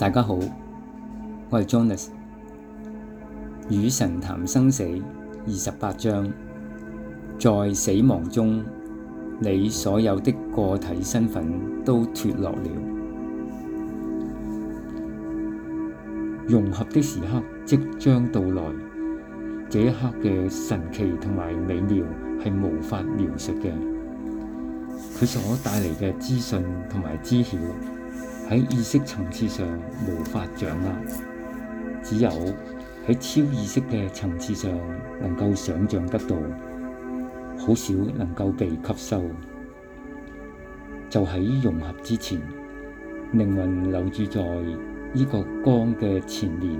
大家好，我係 Jonas，與神談生死二十八章，在死亡中，你所有的個體身份都脫落了，融合的時刻即將到來，這一刻嘅神奇同埋美妙係無法描述嘅，佢所帶嚟嘅資訊同埋知曉。喺意識層次上無法掌握，只有喺超意識嘅層次上能夠想像得到，好少能夠被吸收。就喺融合之前，靈魂留住在呢個光嘅前面，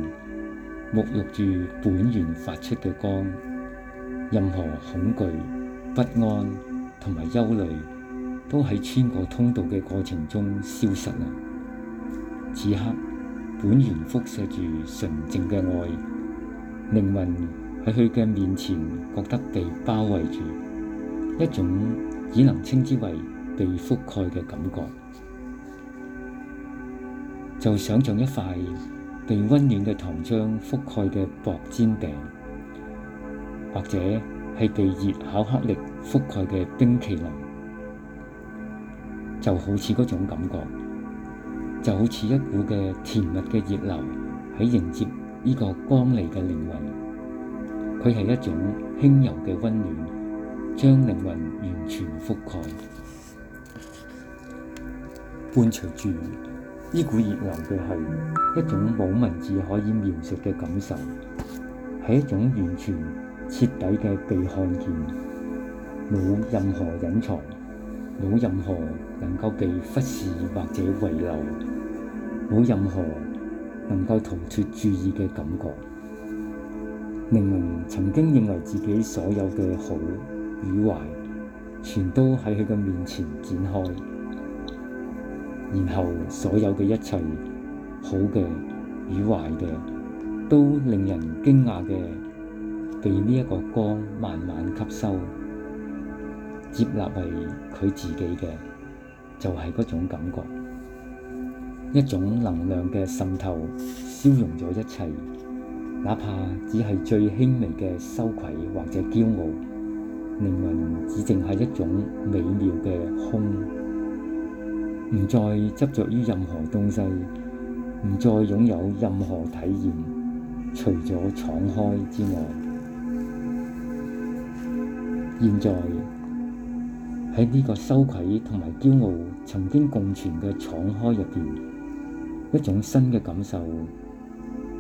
沐浴住本源發出嘅光，任何恐懼、不安同埋憂慮都喺穿過通道嘅過程中消失啦。此刻，本源輻射住純淨嘅愛，靈魂喺佢嘅面前覺得被包圍住，一種只能稱之為被覆蓋嘅感覺。就想象一塊被溫暖嘅糖漿覆蓋嘅薄煎餅，或者係被熱巧克力覆蓋嘅冰淇淋，就好似嗰種感覺。就好似一股嘅甜蜜嘅熱流喺迎接呢個光嚟嘅靈魂，佢係一種輕柔嘅溫暖，將靈魂完全覆蓋，伴隨住呢股熱流嘅係一種冇文字可以描述嘅感受，係一種完全徹底嘅被看見，冇任何隱藏。冇任何能夠被忽視或者遺留，冇任何能夠逃脫注意嘅感覺。令人曾經認為自己所有嘅好與壞，全都喺佢嘅面前展開，然後所有嘅一切好嘅與壞嘅，都令人驚訝嘅，被呢一個光慢慢吸收。接納係佢自己嘅，就係、是、嗰種感覺，一種能量嘅滲透，消融咗一切，哪怕只係最輕微嘅羞愧或者驕傲，靈魂只剩下一種美妙嘅空，唔再執着於任何東西，唔再擁有任何體驗，除咗敞開之外，現在。喺呢個羞愧同埋驕傲曾經共存嘅敞開入邊，一種新嘅感受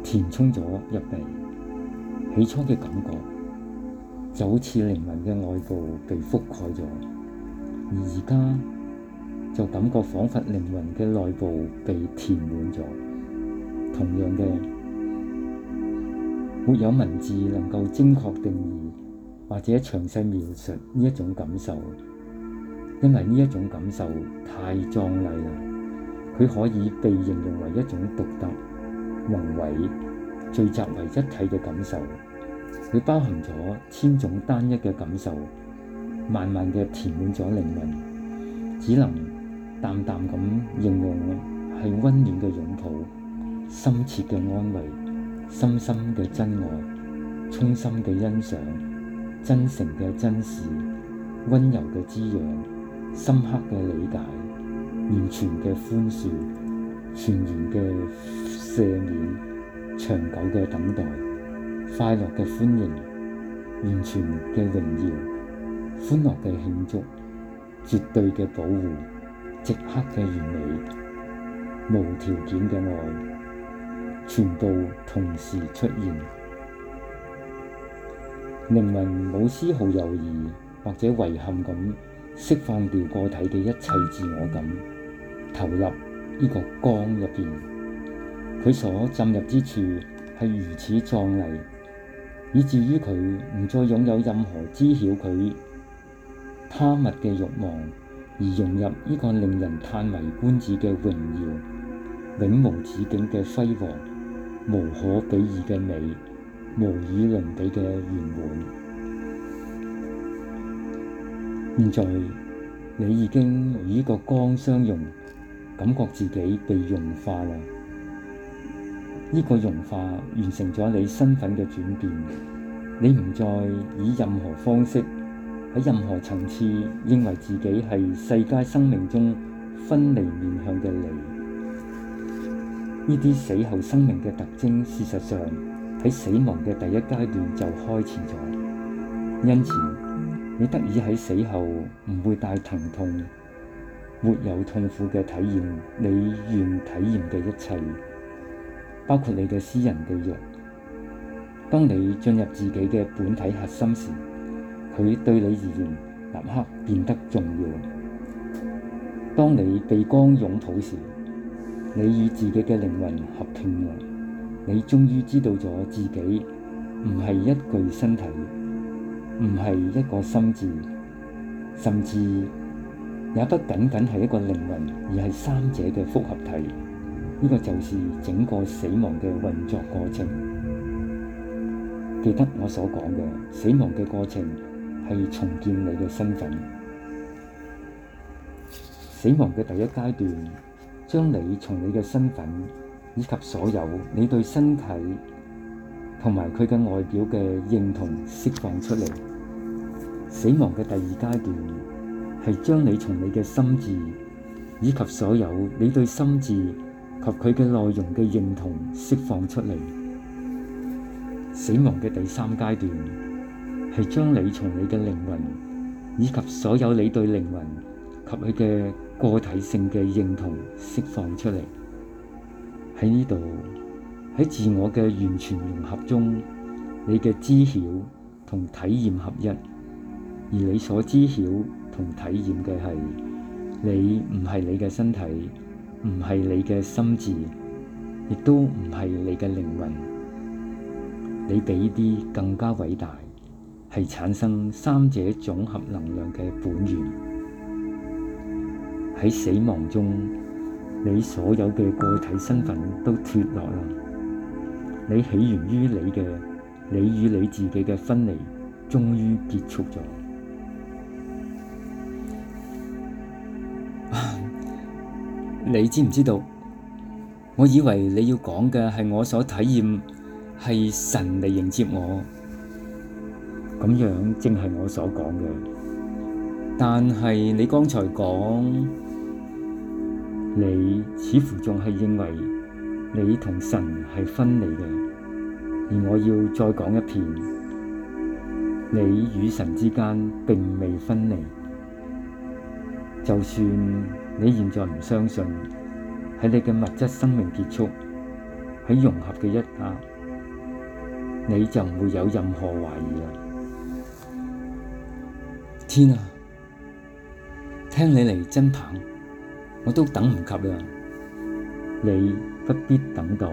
填充咗入嚟，起初嘅感覺就好似靈魂嘅外部被覆蓋咗，而而家就感覺彷彿靈魂嘅內部被填滿咗。同樣嘅，沒有文字能夠精確定義或者詳細描述呢一種感受。因為呢一種感受太壯麗啦，佢可以被形容為一種獨特、宏偉、聚集為一體嘅感受。佢包含咗千種單一嘅感受，慢慢嘅填滿咗靈魂，只能淡淡咁形容係温暖嘅擁抱、深切嘅安慰、深深嘅真愛、衷心嘅欣賞、真誠嘅真實、温柔嘅滋養。深刻嘅理解，完全嘅寬恕，全然嘅赦免，長久嘅等待，快樂嘅歡迎，完全嘅榮耀，歡樂嘅慶祝，絕對嘅保護，即刻嘅完美，無條件嘅愛，全部同時出現，靈魂冇絲毫猶疑或者遺憾咁。釋放掉個體嘅一切自我感，投入呢個光入邊，佢所浸入之處係如此壯麗，以至於佢唔再擁有任何知曉佢貪物嘅慾望，而融入呢個令人嘆為觀止嘅榮耀、永無止境嘅輝煌、無可比擬嘅美、無與倫比嘅圓滿。現在你已經與呢個光相融，感覺自己被融化啦。呢、這個融化完成咗你身份嘅轉變，你唔再以任何方式喺任何層次認為自己係世界生命中分離面向嘅你。呢啲死後生命嘅特徵，事實上喺死亡嘅第一階段就開始咗，因此。你得以喺死後唔會帶疼痛，沒有痛苦嘅體驗。你願體驗嘅一切，包括你嘅私人地獄。當你進入自己嘅本體核心時，佢對你而言立刻變得重要。當你被光擁抱時，你與自己嘅靈魂合併了。你終於知道咗自己唔係一具身體。唔係一個心智，甚至也不僅僅係一個靈魂，而係三者嘅複合體。呢個就是整個死亡嘅運作過程。記得我所講嘅死亡嘅過程係重建你嘅身份。死亡嘅第一階段，將你從你嘅身份以及所有你對身體同埋佢嘅外表嘅認同釋放出嚟。死亡嘅第二階段係將你從你嘅心智，以及所有你對心智及佢嘅內容嘅認同釋放出嚟。死亡嘅第三階段係將你從你嘅靈魂，以及所有你對靈魂及佢嘅個體性嘅認同釋放出嚟。喺呢度。喺自我嘅完全融合中，你嘅知曉同體驗合一，而你所知曉同體驗嘅係你唔係你嘅身體，唔係你嘅心智，亦都唔係你嘅靈魂。你比呢啲更加偉大，係產生三者總合能量嘅本源。喺死亡中，你所有嘅個體身份都脫落啦。你起源於你嘅，你與你自己嘅分離終於結束咗。你知唔知道？我以為你要講嘅係我所體驗，係神嚟迎接我，咁樣正係我所講嘅。但係你剛才講，你似乎仲係認為。你同神係分離嘅，而我要再講一遍，你與神之間並未分離。就算你現在唔相信，喺你嘅物質生命結束，喺融合嘅一刻，你就唔會有任何懷疑啦。天啊，聽你嚟真棒，我都等唔及啦。你不必等待。